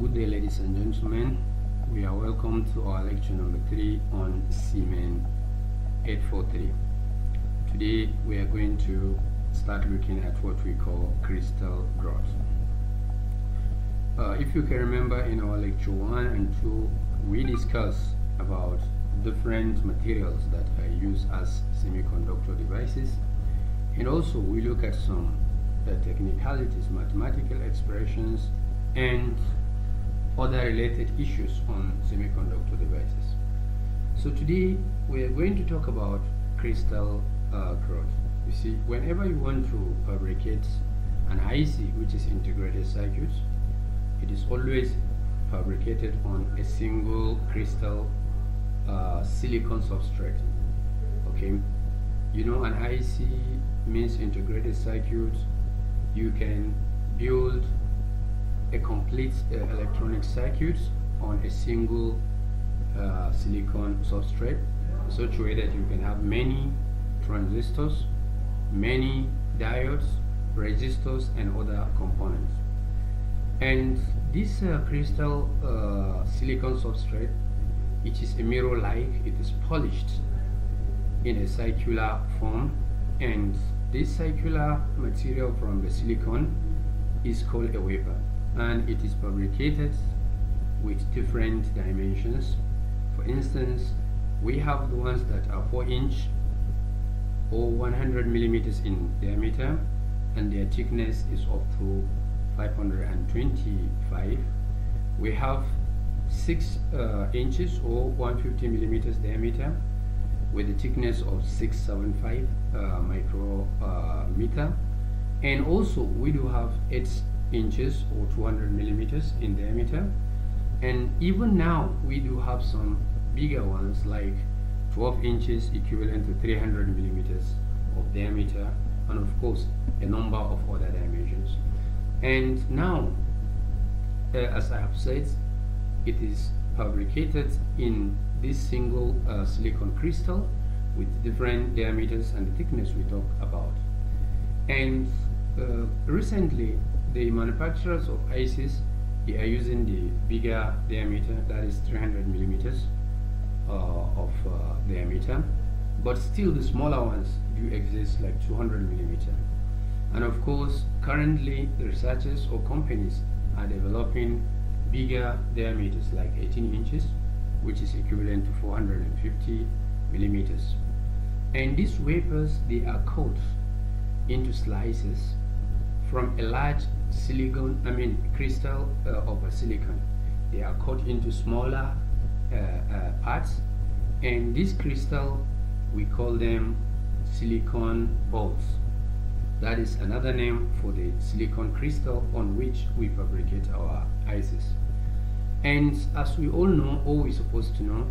Good day ladies and gentlemen, we are welcome to our lecture number 3 on Siemens 843. Today we are going to start looking at what we call crystal growth. Uh, if you can remember in our lecture 1 and 2 we discussed about different materials that are used as semiconductor devices and also we look at some uh, technicalities, mathematical expressions and other related issues on semiconductor devices. So today we are going to talk about crystal uh, growth. You see, whenever you want to fabricate an IC, which is integrated circuits, it is always fabricated on a single crystal uh, silicon substrate. Okay, you know an IC means integrated circuit. You can build a complete uh, electronic circuit on a single uh, silicon substrate such way that you can have many transistors, many diodes, resistors and other components. And this uh, crystal uh, silicon substrate, it is a mirror-like, it is polished in a circular form and this circular material from the silicon is called a wafer and it is fabricated with different dimensions. For instance, we have the ones that are 4 inch or 100 millimeters in diameter and their thickness is up to 525 we have 6 uh, inches or 150 millimeters diameter with a thickness of 675 uh, micrometer uh, and also we do have 8 inches or 200 millimeters in diameter and even now we do have some bigger ones like 12 inches equivalent to 300 millimeters of diameter and of course a number of other dimensions and now uh, as I have said it is fabricated in this single uh, silicon crystal with different diameters and the thickness we talked about and uh, recently the manufacturers of ICs they are using the bigger diameter that is 300 millimeters uh, of uh, diameter but still the smaller ones do exist like 200 millimeter and of course currently the researchers or companies are developing bigger diameters like 18 inches which is equivalent to 450 millimeters and these wafers they are cut into slices from a large silicon, I mean crystal uh, of silicon. They are cut into smaller uh, uh, parts and this crystal we call them silicon balls. That is another name for the silicon crystal on which we fabricate our ICs. And as we all know, or we're supposed to know,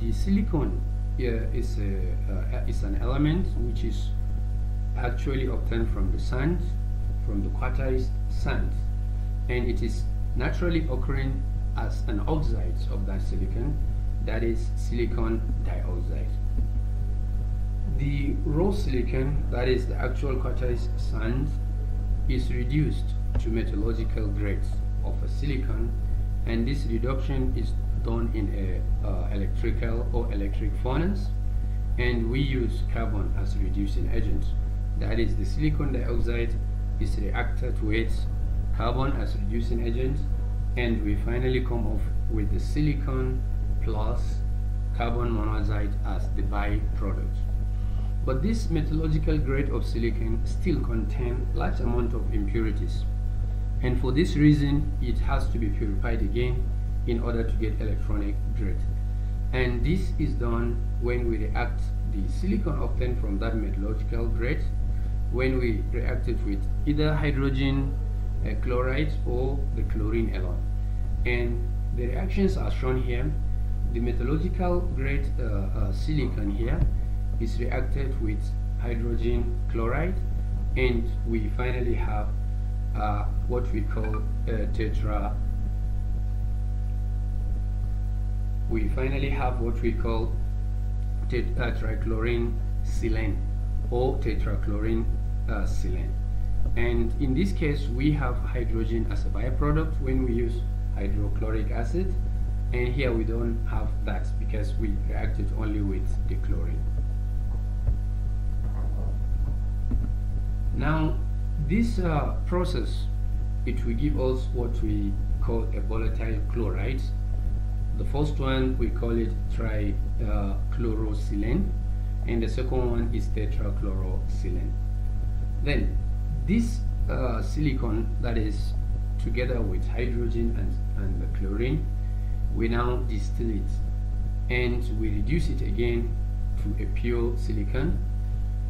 the silicon uh, is, a, uh, is an element which is actually obtained from the sand, from the quartzite. Sand and it is naturally occurring as an oxide of that silicon, that is silicon dioxide. The raw silicon, that is the actual quartz sand, is reduced to metallurgical grades of a silicon, and this reduction is done in a uh, electrical or electric furnace, and we use carbon as reducing agent. That is the silicon dioxide is reacted to carbon as reducing agent and we finally come off with the silicon plus carbon monoxide as the byproduct. But this metallurgical grade of silicon still contains large amount of impurities and for this reason it has to be purified again in order to get electronic grade and this is done when we react the silicon obtained from that metallurgical grade when we react it with either hydrogen uh, chlorides or the chlorine alone. And the reactions are shown here. The metallurgical grade uh, uh, silicon here is reacted with hydrogen chloride and we finally have uh, what we call tetra we finally have what we call tetrachlorine uh, silane or tetrachlorine uh, silane. And in this case, we have hydrogen as a byproduct when we use hydrochloric acid. And here we don't have that because we reacted only with the chlorine. Now, this uh, process, it will give us what we call a volatile chloride. The first one, we call it trichlorosilane, uh, and the second one is tetrachlorosilane. Then this uh, silicon that is together with hydrogen and, and chlorine, we now distill it and we reduce it again to a pure silicon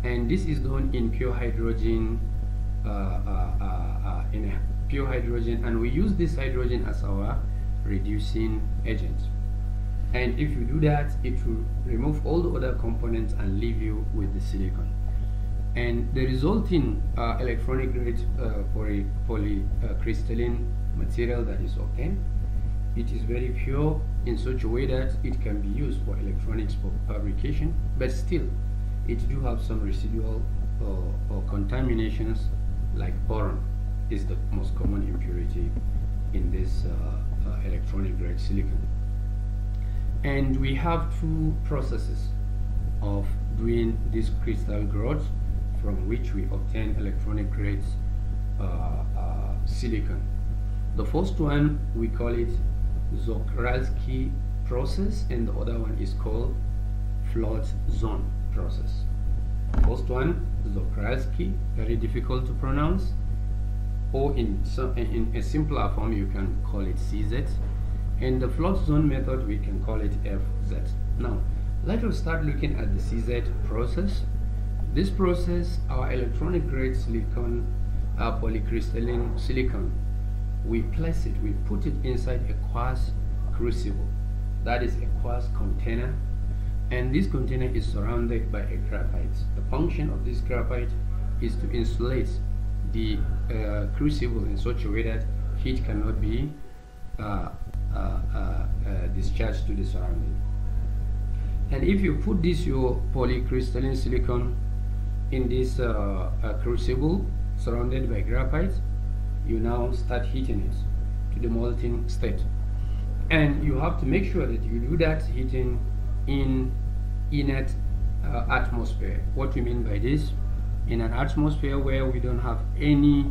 and this is done in pure hydrogen uh, uh, uh, uh in pure hydrogen and we use this hydrogen as our reducing agent and if you do that it will remove all the other components and leave you with the silicon and the resulting uh, electronic rate uh, for a polycrystalline uh, material that is obtained. It is very pure in such a way that it can be used for electronics fabrication, but still, it do have some residual uh, or contaminations like boron is the most common impurity in this uh, uh, electronic grade silicon. And we have two processes of doing this crystal growth from which we obtain electronic grades uh, uh, silicon. The first one we call it Zokralski process and the other one is called Float zone process. First one, Zokralski, very difficult to pronounce or in, some, in a simpler form you can call it CZ and the Float zone method we can call it FZ. Now let us start looking at the CZ process this process our electronic grade silicon our uh, polycrystalline silicon. We place it, we put it inside a quartz crucible, that is a quartz container, and this container is surrounded by a graphite. The function of this graphite is to insulate the uh, crucible in such a way that heat cannot be uh, uh, uh, uh discharged to the surrounding. And if you put this your polycrystalline silicon in this uh, uh, crucible surrounded by graphite, you now start heating it to the molten state. And you have to make sure that you do that heating in inert uh, atmosphere. What we mean by this? In an atmosphere where we don't have any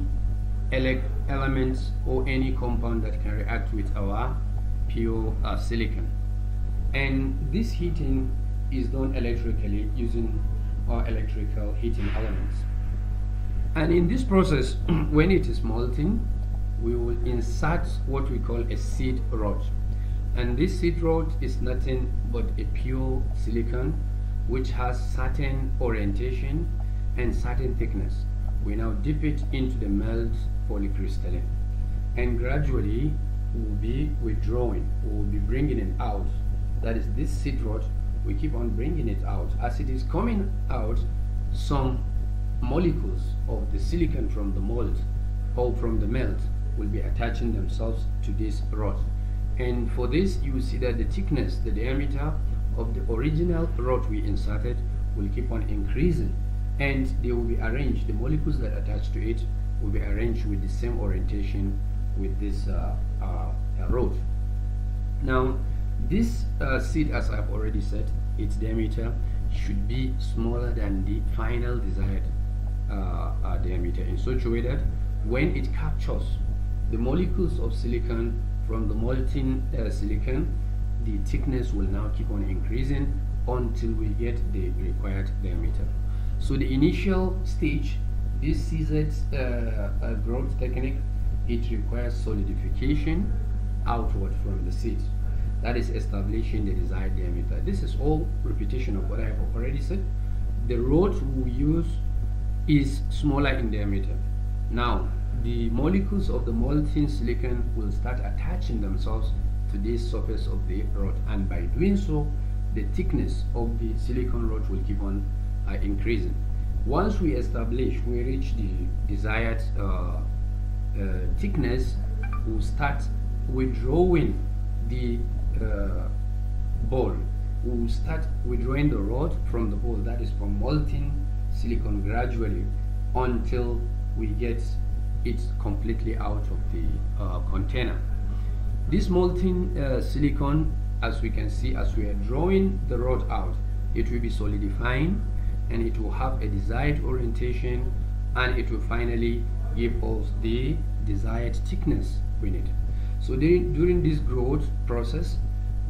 ele elements or any compound that can react with our pure uh, silicon. And this heating is done electrically using or electrical heating elements. And in this process, when it is molten, we will insert what we call a seed rod. And this seed rod is nothing but a pure silicon which has certain orientation and certain thickness. We now dip it into the melt polycrystalline and gradually we'll be withdrawing, we'll be bringing it out. That is this seed rod we keep on bringing it out. As it is coming out, some molecules of the silicon from the mold or from the melt will be attaching themselves to this rod. And for this, you will see that the thickness, the diameter of the original rod we inserted will keep on increasing and they will be arranged, the molecules that attach to it will be arranged with the same orientation with this uh, uh, uh rod. Now, this uh, seed, as I've already said, its diameter should be smaller than the final desired uh, uh, diameter in such a way that when it captures the molecules of silicon from the molten uh, silicon the thickness will now keep on increasing until we get the required diameter so the initial stage this CZ uh, uh, growth technique it requires solidification outward from the seed that is establishing the desired diameter. This is all repetition of what I have already said. The rod we use is smaller in diameter. Now, the molecules of the molten silicon will start attaching themselves to this surface of the rod and by doing so, the thickness of the silicon rod will keep on uh, increasing. Once we establish, we reach the desired uh, uh, thickness, we'll start withdrawing the uh, ball. We start withdrawing the rod from the ball, that is from molten silicon gradually until we get it completely out of the uh, container. This molten uh, silicon, as we can see, as we are drawing the rod out, it will be solidifying and it will have a desired orientation and it will finally give us the desired thickness we need. So during this growth process,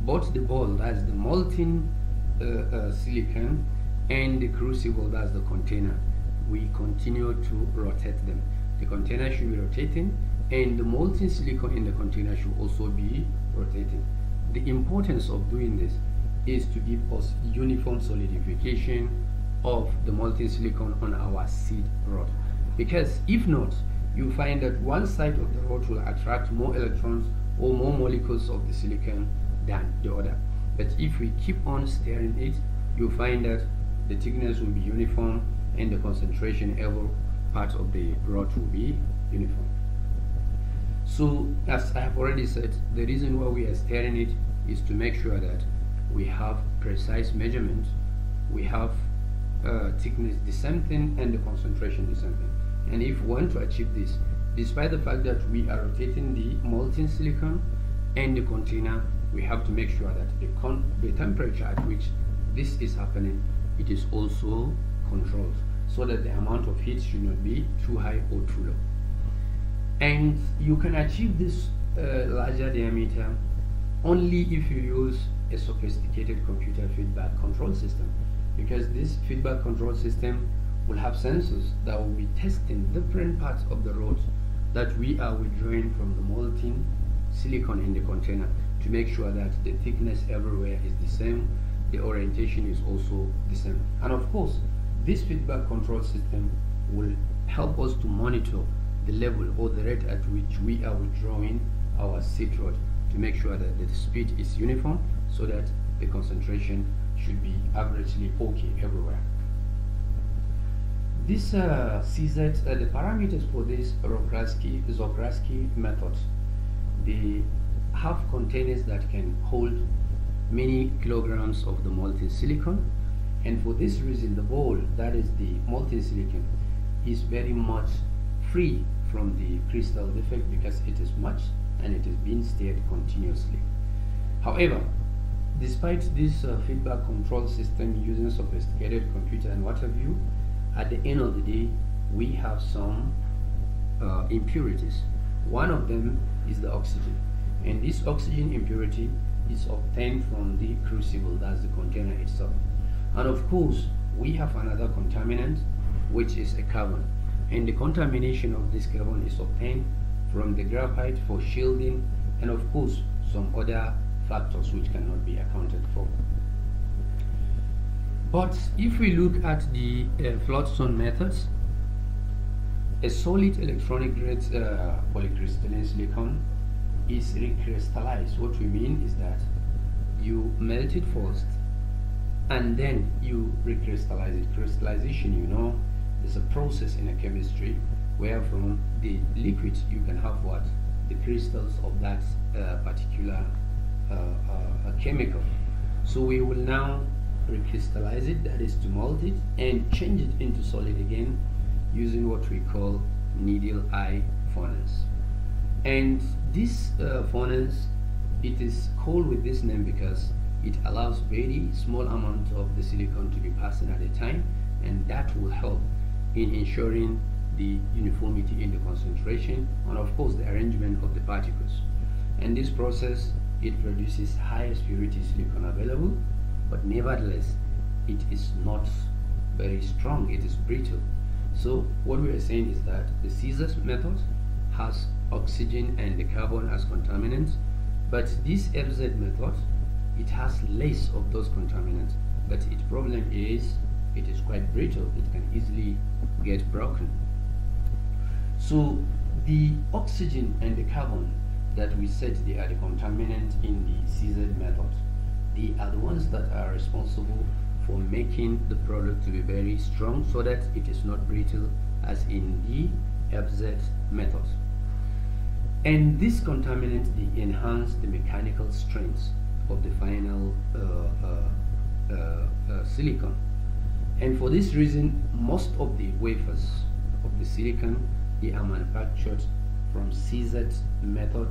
both the ball. that's the molten uh, uh, silicon and the crucible that's the container we continue to rotate them the container should be rotating and the molten silicon in the container should also be rotating the importance of doing this is to give us uniform solidification of the molten silicon on our seed rod because if not you find that one side of the rod will attract more electrons or more molecules of the silicon than the other but if we keep on stirring it you find that the thickness will be uniform and the concentration every part of the rod will be uniform so as I have already said the reason why we are stirring it is to make sure that we have precise measurements we have uh, thickness the same thing and the concentration the same thing and if we want to achieve this despite the fact that we are rotating the molten silicon and the container we have to make sure that the, the temperature at which this is happening, it is also controlled so that the amount of heat should not be too high or too low. And you can achieve this uh, larger diameter only if you use a sophisticated computer feedback control system because this feedback control system will have sensors that will be testing different parts of the road that we are withdrawing from the molten silicon in the container to make sure that the thickness everywhere is the same, the orientation is also the same. And of course, this feedback control system will help us to monitor the level or the rate at which we are withdrawing our seed rod to make sure that the speed is uniform so that the concentration should be averagely okay everywhere. This uh, CZ, uh, the parameters for this Rokraski, Zokraski method, the have containers that can hold many kilograms of the molten silicon and for this reason the ball that is the molten silicon is very much free from the crystal defect because it is much and it is being stirred continuously however despite this uh, feedback control system using sophisticated computer and what have you at the end of the day we have some uh, impurities one of them is the oxygen and this oxygen impurity is obtained from the crucible, that's the container itself. And of course, we have another contaminant, which is a carbon. And the contamination of this carbon is obtained from the graphite for shielding, and of course, some other factors which cannot be accounted for. But if we look at the uh, floodstone methods, a solid electronic grade uh, polycrystalline silicon is recrystallized. What we mean is that you melt it first and then you recrystallize it. Crystallization, you know, is a process in a chemistry where from the liquid you can have what? The crystals of that uh, particular uh, uh, chemical. So we will now recrystallize it, that is to melt it and change it into solid again using what we call needle eye furnace. And this uh, it is called with this name because it allows very small amount of the silicon to be passed in at a time and that will help in ensuring the uniformity in the concentration and of course the arrangement of the particles and this process it produces highest purity silicon available but nevertheless it is not very strong it is brittle so what we are saying is that the scissors method has oxygen and the carbon as contaminants but this FZ method it has less of those contaminants but its problem is it is quite brittle it can easily get broken so the oxygen and the carbon that we said they are the contaminants in the CZ method they are the ones that are responsible for making the product to be very strong so that it is not brittle as in the FZ method. And this contaminant, they enhance the mechanical strength of the final uh uh, uh, uh, silicon. And for this reason, most of the wafers of the silicon they are manufactured from CZ method,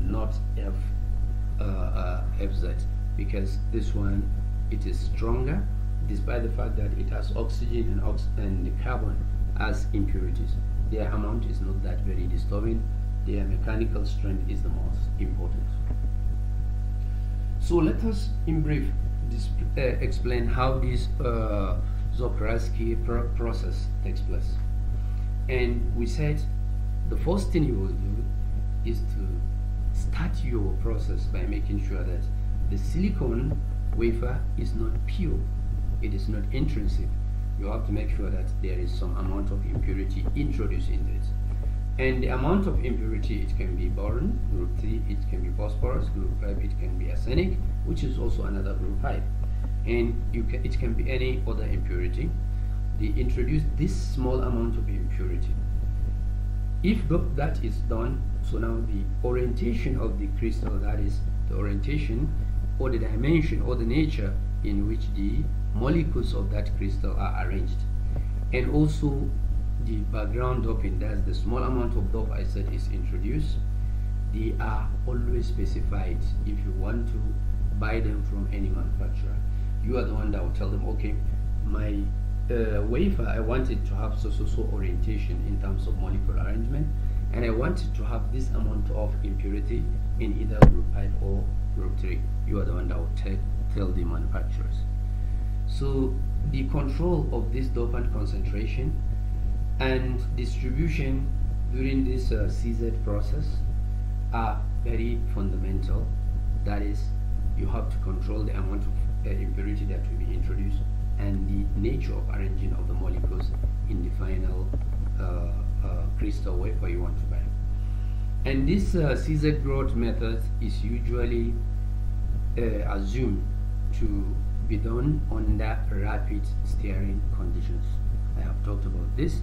not F, uh, FZ, because this one it is stronger despite the fact that it has oxygen and, ox and carbon as impurities. Their amount is not that very disturbing their mechanical strength is the most important. So let us, in brief, uh, explain how this uh, pr process takes place. And we said the first thing you will do is to start your process by making sure that the silicon wafer is not pure, it is not intrinsic. You have to make sure that there is some amount of impurity introduced into it and the amount of impurity it can be boron group 3 it can be phosphorus group 5 it can be arsenic which is also another group 5 and you can, it can be any other impurity they introduce this small amount of impurity if that is done so now the orientation of the crystal that is the orientation or the dimension or the nature in which the molecules of that crystal are arranged and also the background doping, that's the small amount of dope I said is introduced, they are always specified if you want to buy them from any manufacturer. You are the one that will tell them, okay, my uh, wafer, I wanted to have so so so orientation in terms of molecular arrangement, and I wanted to have this amount of impurity in either group 5 or group 3. You are the one that will tell, tell the manufacturers. So the control of this dopant concentration and distribution during this uh, CZ process are very fundamental. That is, you have to control the amount of uh, impurity that will be introduced and the nature of arranging of the molecules in the final uh, uh crystal wafer you want to buy. And this uh, CZ growth method is usually uh, assumed to be done under rapid stirring conditions. I have talked about this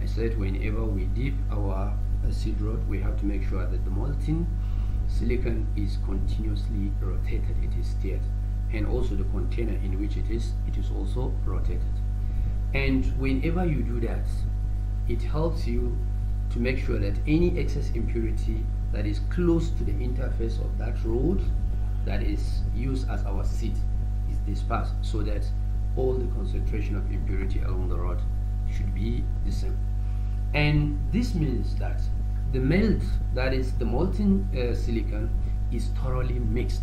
I said whenever we dip our seed rod, we have to make sure that the molten silicon is continuously rotated, it is steered. And also the container in which it is, it is also rotated. And whenever you do that, it helps you to make sure that any excess impurity that is close to the interface of that rod that is used as our seed is dispersed so that all the concentration of impurity along the rod should be the same and this means that the melt that is the molten uh, silicon is thoroughly mixed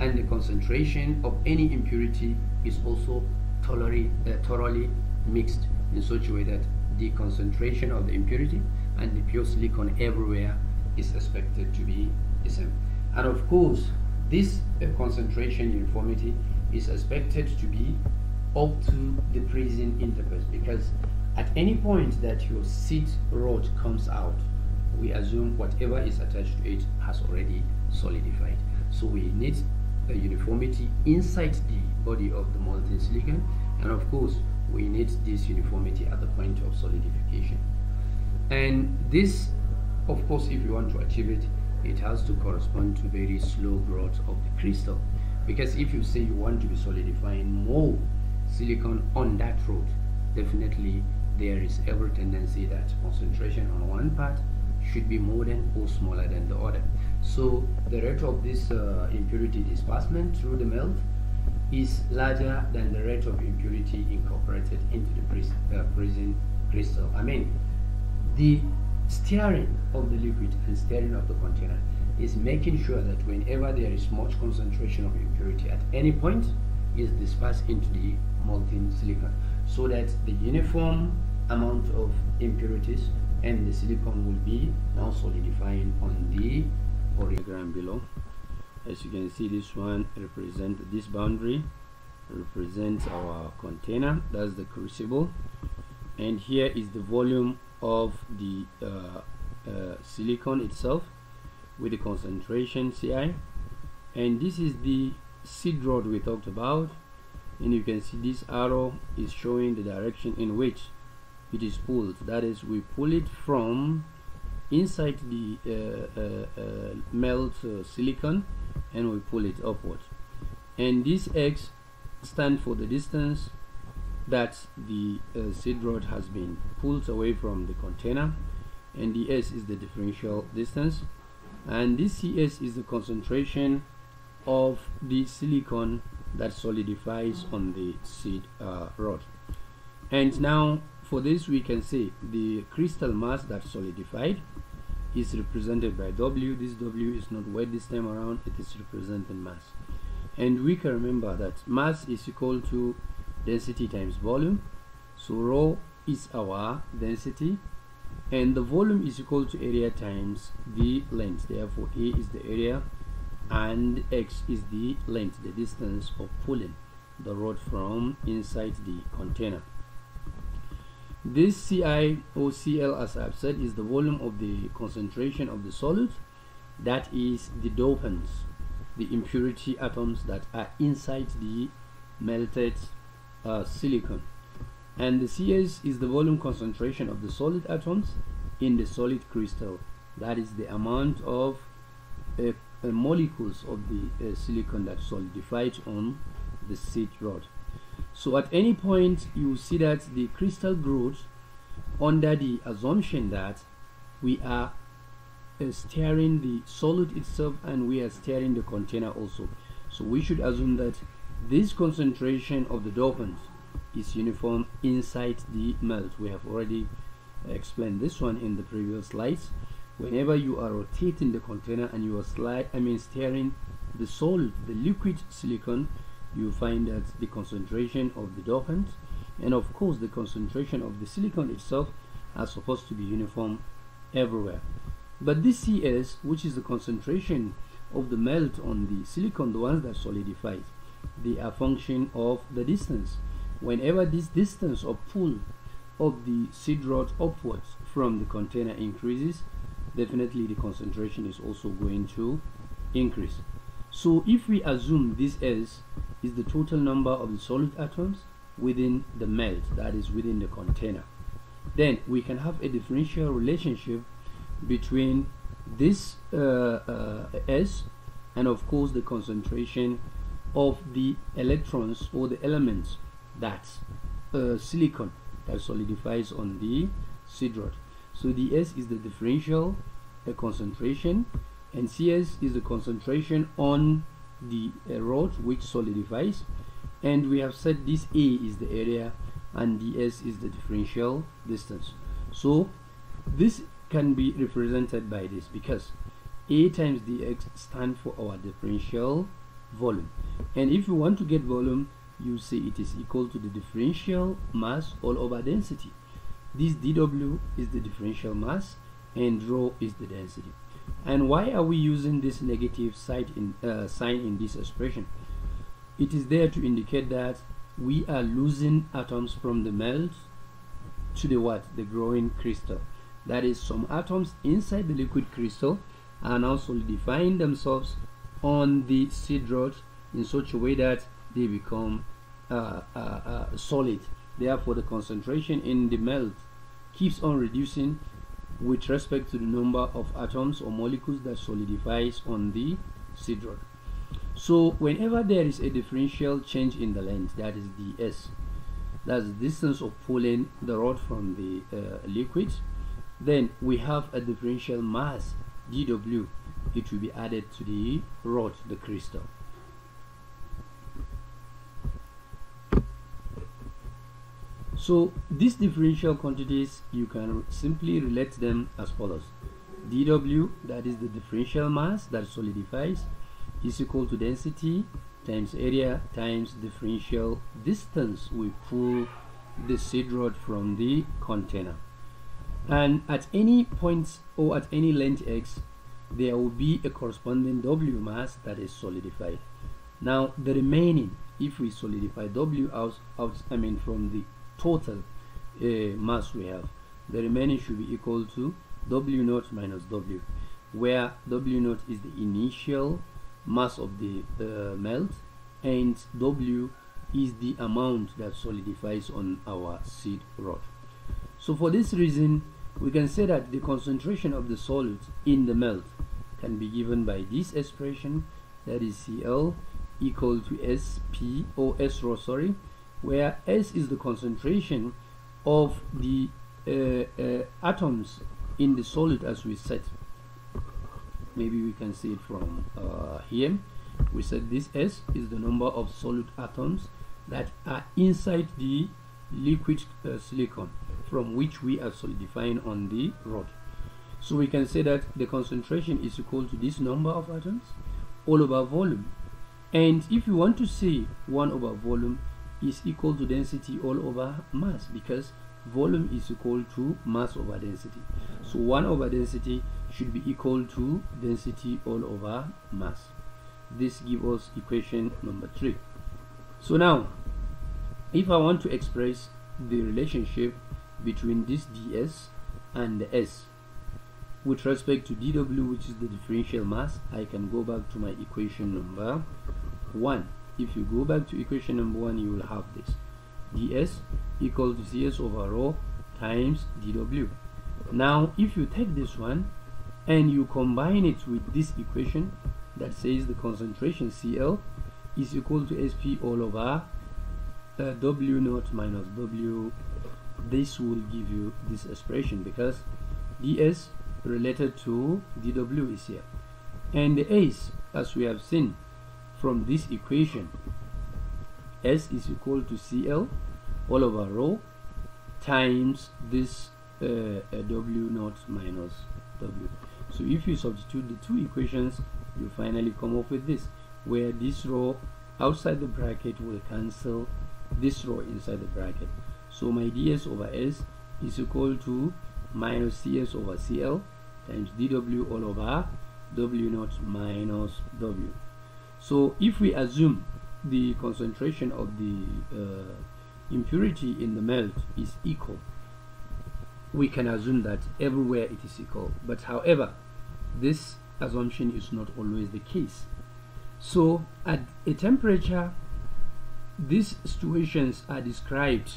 and the concentration of any impurity is also thoroughly, uh, thoroughly mixed in such a way that the concentration of the impurity and the pure silicon everywhere is expected to be the same and of course this uh, concentration uniformity is expected to be up to the prison interface because at any point that your seed rod comes out, we assume whatever is attached to it has already solidified. So we need a uniformity inside the body of the molten silicon and of course we need this uniformity at the point of solidification. And this of course if you want to achieve it, it has to correspond to very slow growth of the crystal because if you say you want to be solidifying more silicon on that road, definitely there is every tendency that concentration on one part should be more than or smaller than the other. So the rate of this uh, impurity displacement through the melt is larger than the rate of impurity incorporated into the prism uh, crystal. I mean, the stirring of the liquid and stirring of the container is making sure that whenever there is much concentration of impurity at any point, is dispersed into the molten silicon so that the uniform amount of impurities and the silicon will be now solidifying on the organogram below as you can see this one represents this boundary represents our container that's the crucible and here is the volume of the uh, uh, silicon itself with the concentration CI and this is the seed rod we talked about and you can see this arrow is showing the direction in which it is pulled that is we pull it from inside the uh, uh, uh, melt uh, silicon and we pull it upward and this x stand for the distance that the uh, seed rod has been pulled away from the container and the s is the differential distance and this cs is the concentration of the silicon that solidifies on the seed uh, rod and now for this we can say the crystal mass that solidified is represented by W. This W is not weight this time around, it is represented mass. And we can remember that mass is equal to density times volume. So rho is our density and the volume is equal to area times the length. Therefore A is the area and X is the length, the distance of pulling the rod from inside the container. This CiOCl, as I've said, is the volume of the concentration of the solute, that is the dopants, the impurity atoms that are inside the melted uh, silicon. And the Cs is the volume concentration of the solid atoms in the solid crystal. That is the amount of uh, uh, molecules of the uh, silicon that solidified on the seed rod so at any point you see that the crystal grows under the assumption that we are uh, stirring the solid itself and we are stirring the container also so we should assume that this concentration of the dopant is uniform inside the melt we have already explained this one in the previous slides whenever you are rotating the container and you are slide I mean stirring the solid the liquid silicon you find that the concentration of the dopant and of course the concentration of the silicon itself are supposed to be uniform everywhere but this CS which is the concentration of the melt on the silicon the ones that solidifies they are function of the distance whenever this distance or pull of the seed rod upwards from the container increases definitely the concentration is also going to increase so if we assume this S is the total number of the solid atoms within the melt, that is within the container, then we can have a differential relationship between this uh, uh, S and of course the concentration of the electrons or the elements that uh, silicon that solidifies on the seed rod. So the S is the differential, the concentration, and CS is the concentration on the uh, rod which solidifies and we have said this A is the area and ds is the differential distance so this can be represented by this because a times dx stand for our differential volume and if you want to get volume you say it is equal to the differential mass all over density this dw is the differential mass and rho is the density and why are we using this negative sign in, uh, sign in this expression it is there to indicate that we are losing atoms from the melt to the what the growing crystal that is some atoms inside the liquid crystal are now solidifying themselves on the seed rod in such a way that they become uh, uh, uh, solid therefore the concentration in the melt keeps on reducing with respect to the number of atoms or molecules that solidifies on the cedron. So whenever there is a differential change in the length, that is ds, that's the distance of pulling the rod from the uh, liquid, then we have a differential mass dw. It will be added to the rod, the crystal. So these differential quantities, you can simply relate them as follows. dW, that is the differential mass that solidifies, is equal to density times area times differential distance we pull the seed rod from the container. And at any point or at any length x, there will be a corresponding W mass that is solidified. Now the remaining, if we solidify W out, out I mean from the total uh, mass we have the remaining should be equal to w naught minus w where w naught is the initial mass of the uh, melt and w is the amount that solidifies on our seed rod so for this reason we can say that the concentration of the solid in the melt can be given by this expression that is cl equal to sp or rho sorry where S is the concentration of the uh, uh, atoms in the solid as we said. Maybe we can see it from uh, here. We said this S is the number of solid atoms that are inside the liquid uh, silicon from which we are solidifying on the rod. So we can say that the concentration is equal to this number of atoms all over volume. And if you want to say 1 over volume, is equal to density all over mass because volume is equal to mass over density. So 1 over density should be equal to density all over mass. This gives us equation number 3. So now, if I want to express the relationship between this ds and the s, with respect to dw which is the differential mass, I can go back to my equation number 1 if you go back to equation number one you will have this ds equal to cs over rho times dw now if you take this one and you combine it with this equation that says the concentration cl is equal to sp all over uh, w naught minus w this will give you this expression because ds related to dw is here and the a's as we have seen from this equation S is equal to CL all over rho times this uh, uh, W naught minus W. So if you substitute the two equations, you finally come up with this, where this row outside the bracket will cancel this row inside the bracket. So my ds over s is equal to minus cs over cl times dw all over w naught minus w. So if we assume the concentration of the uh, impurity in the melt is equal, we can assume that everywhere it is equal. But however, this assumption is not always the case. So at a temperature, these situations are described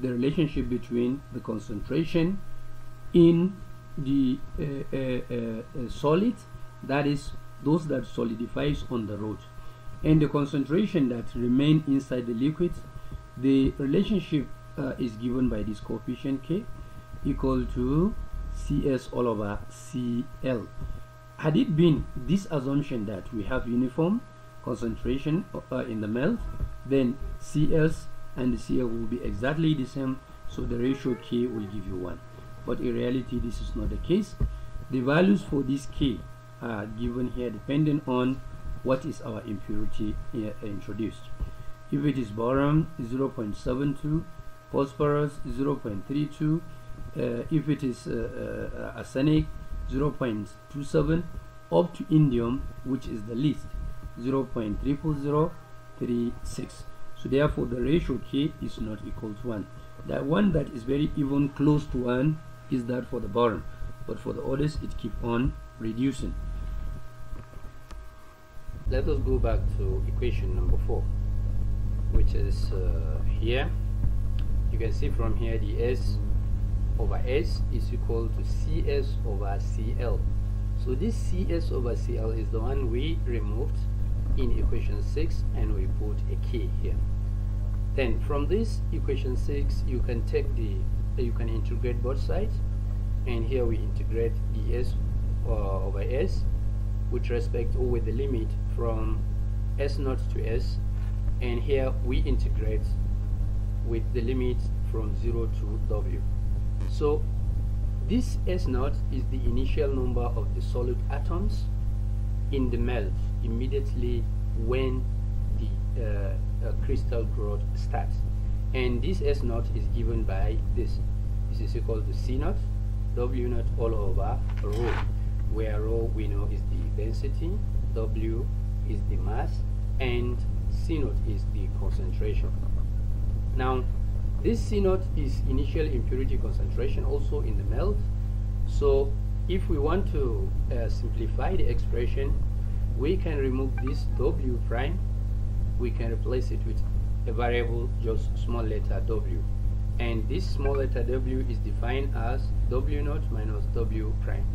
the relationship between the concentration in the uh, uh, uh, uh solid, that is those that solidifies on the road, and the concentration that remain inside the liquid. The relationship uh, is given by this coefficient K equal to CS all over CL. Had it been this assumption that we have uniform concentration uh, in the melt, then CS and the CL will be exactly the same, so the ratio K will give you 1. But in reality, this is not the case. The values for this K uh, given here depending on what is our impurity introduced. If it is boron 0.72, phosphorus 0.32, uh, if it is uh, uh, arsenic 0.27 up to indium which is the least 0.34036 so therefore the ratio k is not equal to 1 that one that is very even close to 1 is that for the boron but for the others it keep on reducing let us go back to equation number 4 which is uh, here you can see from here the S over S is equal to CS over CL so this CS over CL is the one we removed in equation 6 and we put a K here then from this equation 6 you can take the you can integrate both sides and here we integrate ds uh, over s with respect or with the limit from S0 to S and here we integrate with the limit from 0 to W. So this S0 is the initial number of the solid atoms in the melt immediately when the uh, uh, crystal growth starts. And this S0 is given by this. This is equal to C0, W0 all over rho, where rho we know is the density, W is the mass and C naught is the concentration. Now, this C naught is initial impurity concentration also in the melt. So if we want to uh, simplify the expression, we can remove this W prime. We can replace it with a variable, just small letter W. And this small letter W is defined as W naught minus W prime.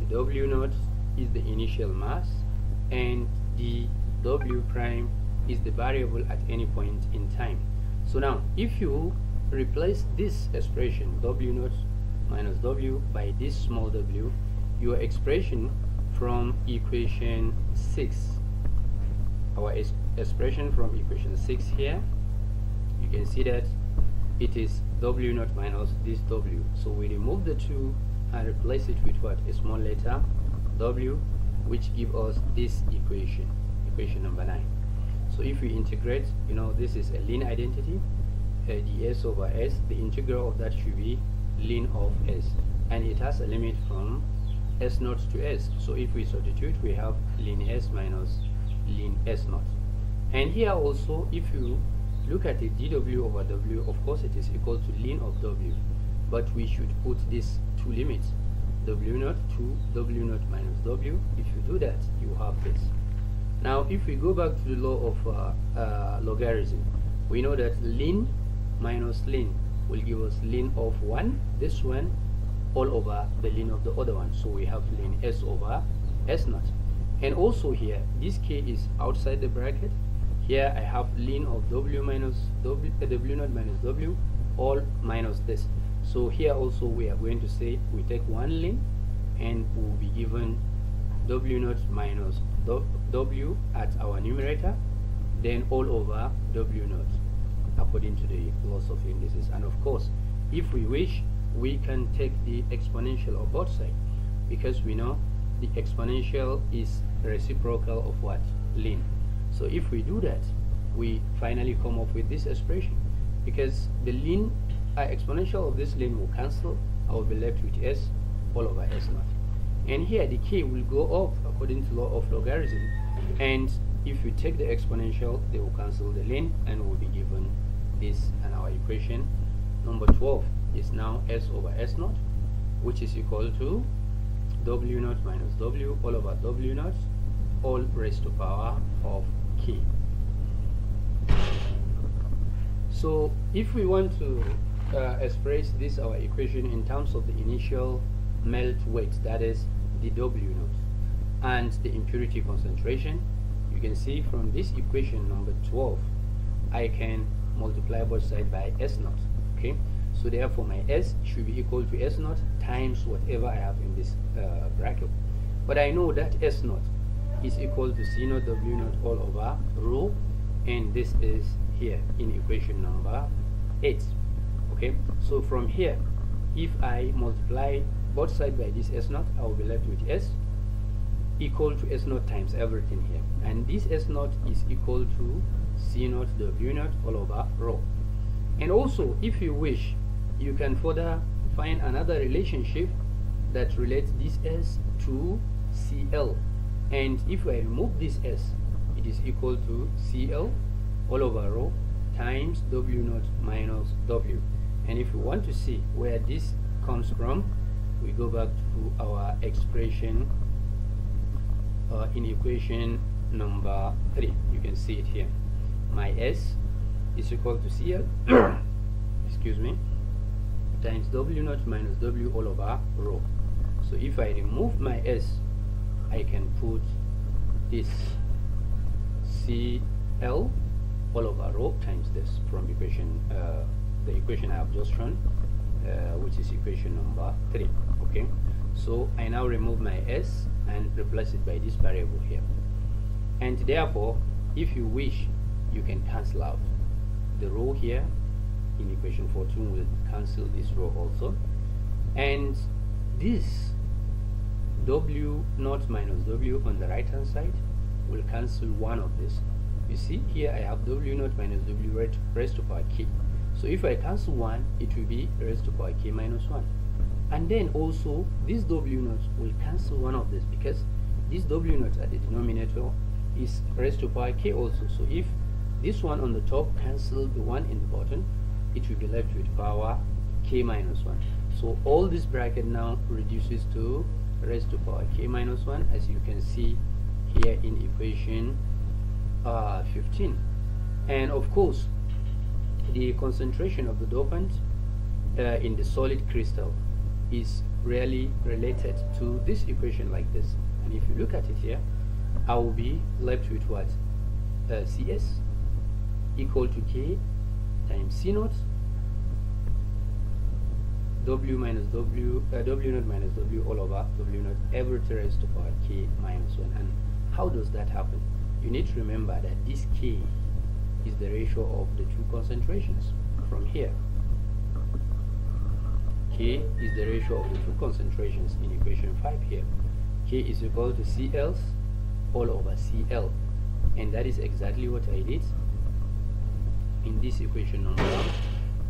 The W naught is the initial mass and w prime is the variable at any point in time. So now, if you replace this expression w naught minus w by this small w, your expression from equation 6, our expression from equation 6 here, you can see that it is w naught minus this w. So we remove the 2 and replace it with what? A small letter w which give us this equation equation number 9 so if we integrate you know this is a lean identity uh, the s over s the integral of that should be ln of s and it has a limit from s naught to s so if we substitute we have ln s minus ln s naught and here also if you look at it dw over w of course it is equal to ln of w but we should put these two limits w naught to w naught minus w. If you do that, you have this. Now, if we go back to the law of uh, uh, logarithm, we know that ln minus ln will give us ln of 1, this one, all over the ln of the other one. So we have ln s over s naught. And also here, this k is outside the bracket. Here I have ln of w minus w, uh, w naught minus w, all minus this so here also we are going to say we take one link and we will be given w naught minus w at our numerator then all over w naught according to the laws of indices and of course if we wish we can take the exponential of both sides because we know the exponential is reciprocal of what ln so if we do that we finally come up with this expression because the ln exponential of this limit will cancel. I will be left with s all over s naught. And here the k will go up according to law of logarithm. And if we take the exponential, they will cancel the length and will be given this and our equation number 12 is now s over s naught which is equal to w naught minus w all over w naught all raised to power of k so if we want to uh, express this our equation in terms of the initial melt weight, that is the W naught, and the impurity concentration. You can see from this equation number 12, I can multiply both sides by S naught. Okay, so therefore my S should be equal to S naught times whatever I have in this uh, bracket. But I know that S naught is equal to C naught W naught all over rho, and this is here in equation number 8 okay so from here if I multiply both side by this s naught I will be left with s equal to s naught times everything here and this s naught is equal to c naught w naught all over rho and also if you wish you can further find another relationship that relates this s to cl and if I remove this s it is equal to cl all over rho times w naught minus w and if you want to see where this comes from, we go back to our expression uh, in equation number 3. You can see it here. My S is equal to CL, excuse me, times W naught minus W all over rho. So if I remove my S, I can put this CL all over rho times this from equation uh, the equation I have just run, uh, which is equation number 3. Okay, so I now remove my s and replace it by this variable here. And therefore, if you wish, you can cancel out the row here in equation 14 will cancel this row also. And this w naught minus w on the right hand side will cancel one of this. You see here I have w naught minus w rest of our key so if I cancel 1, it will be raised to power k minus 1. And then also, this w naught will cancel one of this because this w naught at the denominator is raised to power k also. So if this one on the top cancels the one in the bottom, it will be left with power k minus 1. So all this bracket now reduces to raised to power k minus 1 as you can see here in equation uh, 15. And of course, the concentration of the dopant uh, in the solid crystal is really related to this equation like this. And if you look at it here, I will be left with what? Uh, Cs equal to K times C naught W minus W, uh, W naught minus W all over W naught every to raised power K minus 1. And how does that happen? You need to remember that this K is the ratio of the two concentrations from here. K is the ratio of the two concentrations in equation 5 here. K is equal to Cl all over CL. And that is exactly what I did in this equation number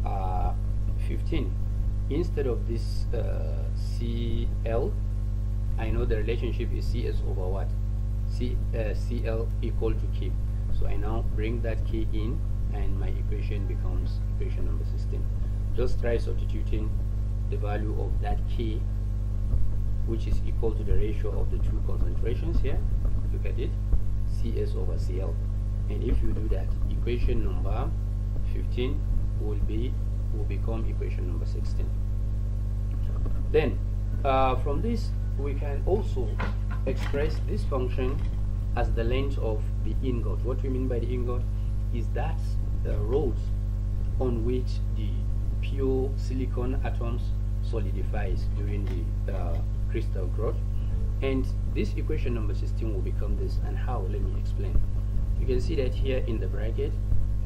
uh, 15. Instead of this uh, CL, I know the relationship is CS over what? C, uh, CL equal to K. So I now bring that k in and my equation becomes equation number 16. Just try substituting the value of that k which is equal to the ratio of the two concentrations here. Look at it, Cs over Cl. And if you do that, equation number 15 will be will become equation number 16. Then uh, from this we can also express this function as the length of the ingot. What we mean by the ingot is that the roads on which the pure silicon atoms solidifies during the uh, crystal growth. And this equation number 16 will become this and how, let me explain. You can see that here in the bracket,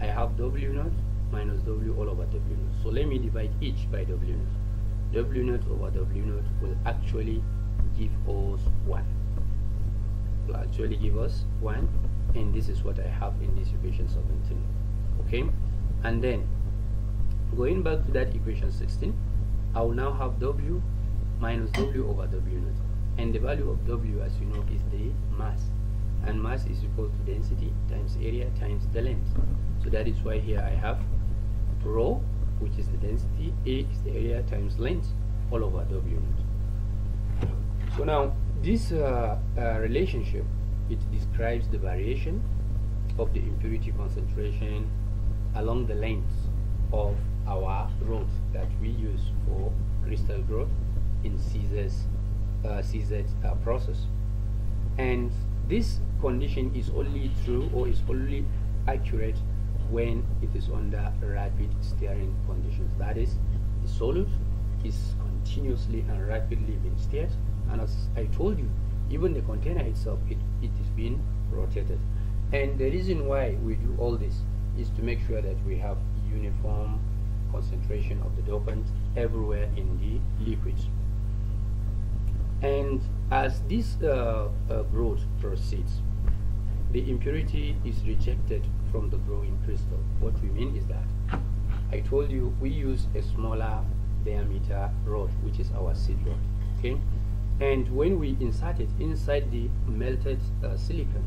I have W naught minus W all over W naught. So let me divide each by W naught. W naught over W naught will actually give us 1 will actually give us 1 and this is what I have in this equation 17 okay and then going back to that equation 16 I will now have W minus W over W naught and the value of W as you know is the mass and mass is equal to density times area times the length so that is why here I have rho which is the density A is the area times length all over W naught so now this uh, uh, relationship, it describes the variation of the impurity concentration along the length of our rod that we use for crystal growth in CZ's, uh, uh, process. And this condition is only true or is only accurate when it is under rapid steering conditions. That is, the solute is continuously and rapidly being steered and as I told you even the container itself it, it is being rotated and the reason why we do all this is to make sure that we have uniform concentration of the dopant everywhere in the liquids and as this uh, uh, growth proceeds the impurity is rejected from the growing crystal what we mean is that I told you we use a smaller diameter rod which is our seed rod okay and when we insert it inside the melted uh, silicon,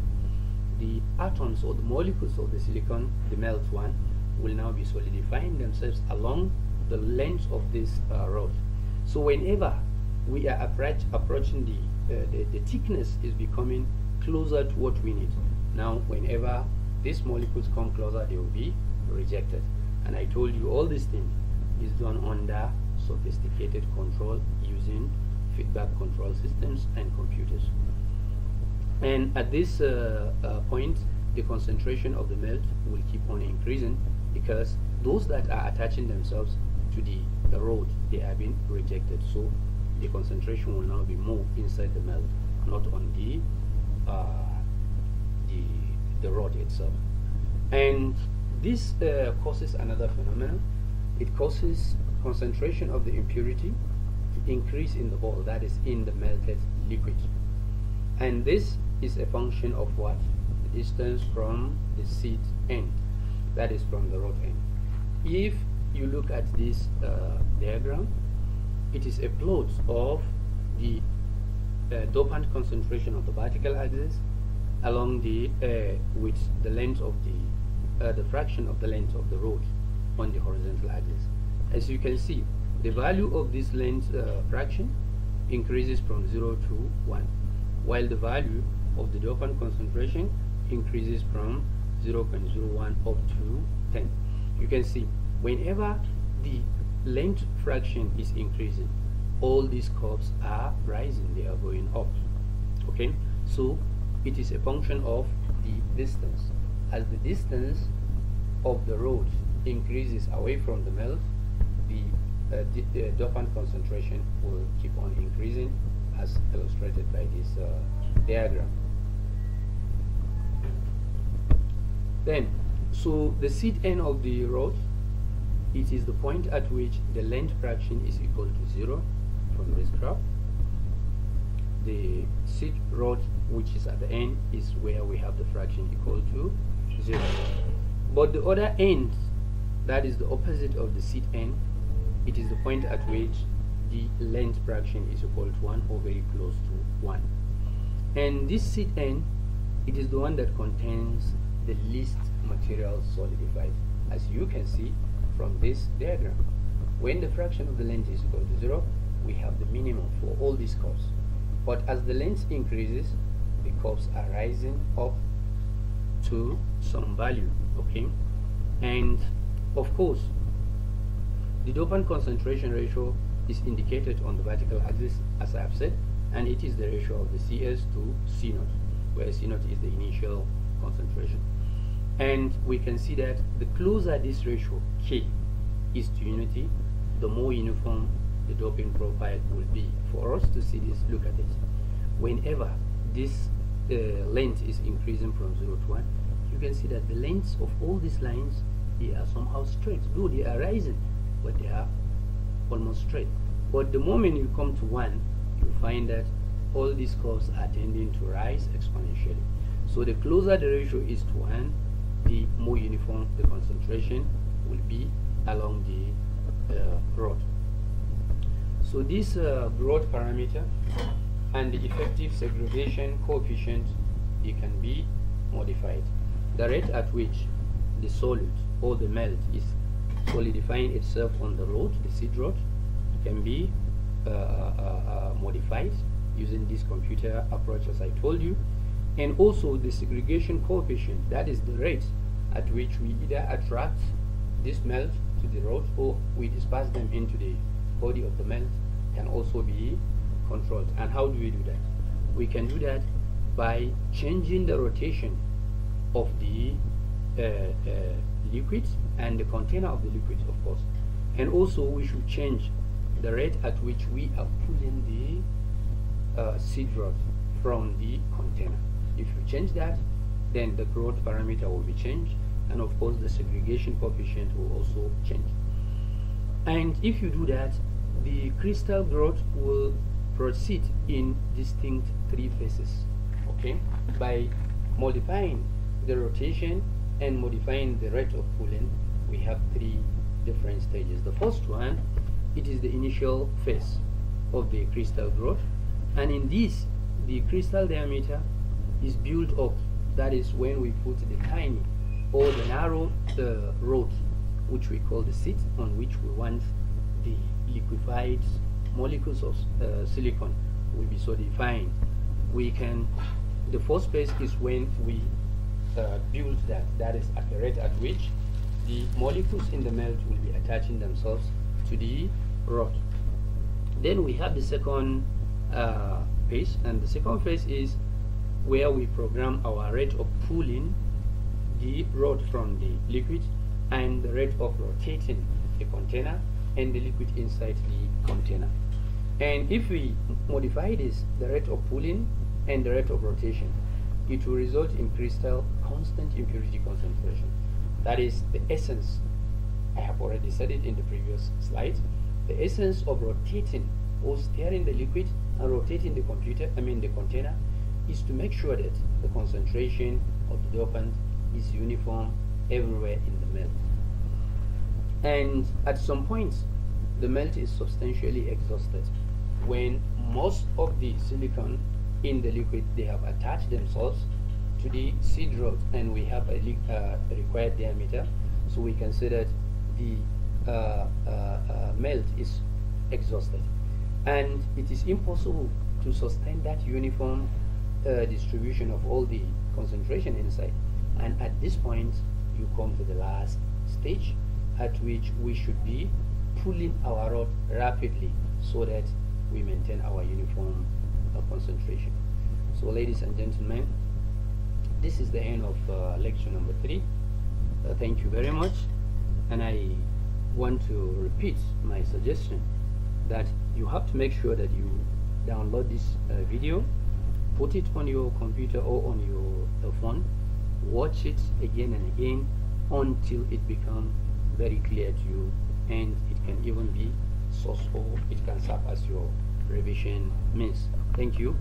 the atoms or the molecules of the silicon, the melt one, will now be solidifying themselves along the length of this uh, rod. So whenever we are approach, approaching the, uh, the, the thickness is becoming closer to what we need. Now whenever these molecules come closer, they will be rejected. And I told you all these things is done under sophisticated control using feedback control systems and computers. And at this uh, uh, point, the concentration of the melt will keep on increasing because those that are attaching themselves to the, the road, they have been rejected. So the concentration will now be more inside the melt, not on the, uh, the, the road itself. And this uh, causes another phenomenon. It causes concentration of the impurity increase in the ball that is in the melted liquid and this is a function of what the distance from the seat end that is from the rod end if you look at this uh, diagram it is a plot of the uh, dopant concentration of the particle axis along the uh, with the length of the uh, the fraction of the length of the rod on the horizontal axis as you can see the value of this length uh, fraction increases from 0 to 1 while the value of the dopant concentration increases from 0.01 up to 10 you can see whenever the length fraction is increasing all these curves are rising they are going up okay so it is a function of the distance as the distance of the road increases away from the melt uh, the, dopant concentration will keep on increasing as illustrated by this uh, diagram. Then, so the seed end of the rod, it is the point at which the length fraction is equal to zero from this graph. The seed rod, which is at the end, is where we have the fraction equal to zero. But the other end, that is the opposite of the seed end, it is the point at which the length fraction is equal to 1 or very close to 1. And this seed n, it is the one that contains the least material solidified, as you can see from this diagram. When the fraction of the length is equal to 0, we have the minimum for all these curves. But as the length increases, the curves are rising up to some value, okay? And of course, the dopant concentration ratio is indicated on the vertical axis, as I have said, and it is the ratio of the CS to C where C is the initial concentration. And we can see that the closer this ratio K is to unity, the more uniform the doping profile will be. For us to see this, look at this. Whenever this uh, length is increasing from 0 to 1, you can see that the lengths of all these lines they are somehow straight, though they are rising, but they are almost straight. But the moment you come to 1, you find that all these curves are tending to rise exponentially. So the closer the ratio is to 1, the more uniform the concentration will be along the uh, rod. So this uh, broad parameter and the effective segregation coefficient it can be modified. The rate at which the solute or the melt is solidifying itself on the road, the seed rod, can be uh, uh, uh, modified using this computer approach as I told you. And also the segregation coefficient, that is the rate at which we either attract this melt to the road or we disperse them into the body of the melt can also be controlled. And how do we do that? We can do that by changing the rotation of the uh, uh liquids and the container of the liquid, of course. And also we should change the rate at which we are pulling the uh, seed rod from the container. If you change that, then the growth parameter will be changed and of course the segregation coefficient will also change. And if you do that, the crystal growth will proceed in distinct three phases, okay, by modifying the rotation and modifying the rate of pulling we have three different stages. The first one, it is the initial phase of the crystal growth. And in this, the crystal diameter is built up. That is when we put the tiny or the narrow the which we call the seat, on which we want the liquefied molecules of uh, silicon will be defined. We can, the first phase is when we uh, build that, that is at the rate at which the molecules in the melt will be attaching themselves to the rod. Then we have the second uh, phase, and the second phase is where we program our rate of pulling the rod from the liquid and the rate of rotating the container and the liquid inside the container. And if we modify this, the rate of pulling and the rate of rotation, it will result in crystal constant impurity concentration. That is the essence. I have already said it in the previous slides. The essence of rotating or stirring the liquid and rotating the computer, I mean the container, is to make sure that the concentration of the dopant is uniform everywhere in the melt. And at some point, the melt is substantially exhausted when most of the silicon in the liquid they have attached themselves to the seed rod, and we have a uh, required diameter. So we consider the uh, uh, uh, melt is exhausted. And it is impossible to sustain that uniform uh, distribution of all the concentration inside. And at this point, you come to the last stage at which we should be pulling our rod rapidly so that we maintain our uniform uh, concentration. So ladies and gentlemen, this is the end of uh, lecture number three. Uh, thank you very much. And I want to repeat my suggestion that you have to make sure that you download this uh, video, put it on your computer or on your uh, phone, watch it again and again until it becomes very clear to you and it can even be source or it can serve as your revision means. Thank you.